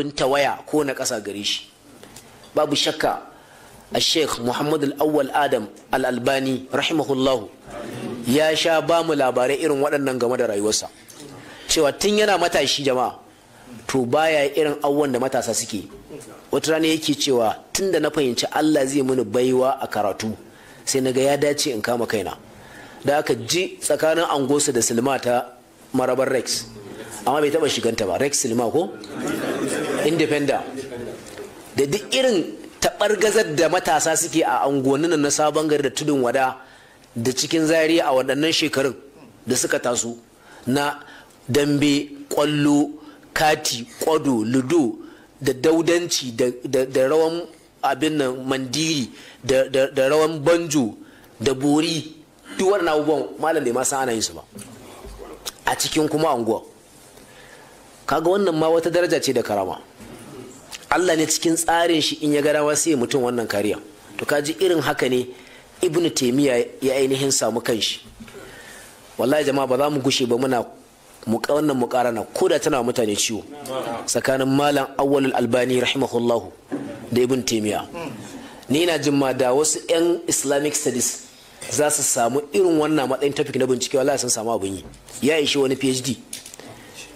in waya ko na ƙasa gare shi babu shakka a sheikh Muhammadu Auwal adam al-albani rahimahullahu ya sha ba mu labarai irin waɗannan game da rayuwarsa cewa tun yana matashi jama'a to baya irin awon da matasa suke wata rana yake cewa tun da na fahimci allah zai mini baiwa a karatu sai na ga ya dace in kama kaina da aka ji tsakanin angosa da silma ta marabar rex amma bai taba shiganta ba rex silma ko independent da duk irin taɓargazar da matasa suke a angonin na sabon gari da tudun wada da cikin zari a waɗannan shekarun da suka taso na dambe ƙwallo kati ƙwado ludo da daudanci da rawan abin nan mandiri da rawan banjo da bori duk waɗannan abubuwan malam da ma san ana yin su ba a cikin kuma unguwa. kaga wannan ma wata daraja ce da karama Allah ne cikin tsarin shi in ya ga rawa sai mutum wannan kariya to kaji irin haka ne ibn taimiyya ya ainihin samu kanshi wallahi jama'a ba za mu gushe ba muna muka wannan mukarana ko da tana mutane ciwo tsakanin malam awwalul albani rahimahullah da ibn taimiyya ni na jin ma da wasu yan islamic studies za su samu irin wannan matsayin topic na bincike wallahi sun samu abin yi ya ishi wani phd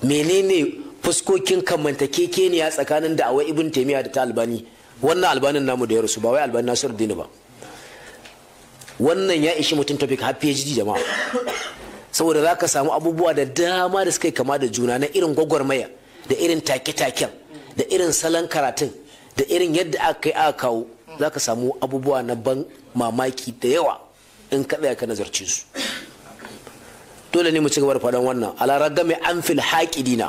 menene fuskokin kamantakekeniya tsakanin da awa ibn taimiyya da ta albani wannan albanin namu da ya rusu ba wai albani nasiru dini ba wannan ya ishi mutum topic har phd jama'a saboda za ka samu abubuwa da dama da suka yi kama da juna na irin gwagwarmaya da irin take-taken da irin salon karatun da irin yadda aka yi aka kawo za ka samu abubuwa na ban mamaki da yawa in ka tsaya ka nazarci su dole ne mu ci gaba da faɗan wannan ala ragami an fil haƙidina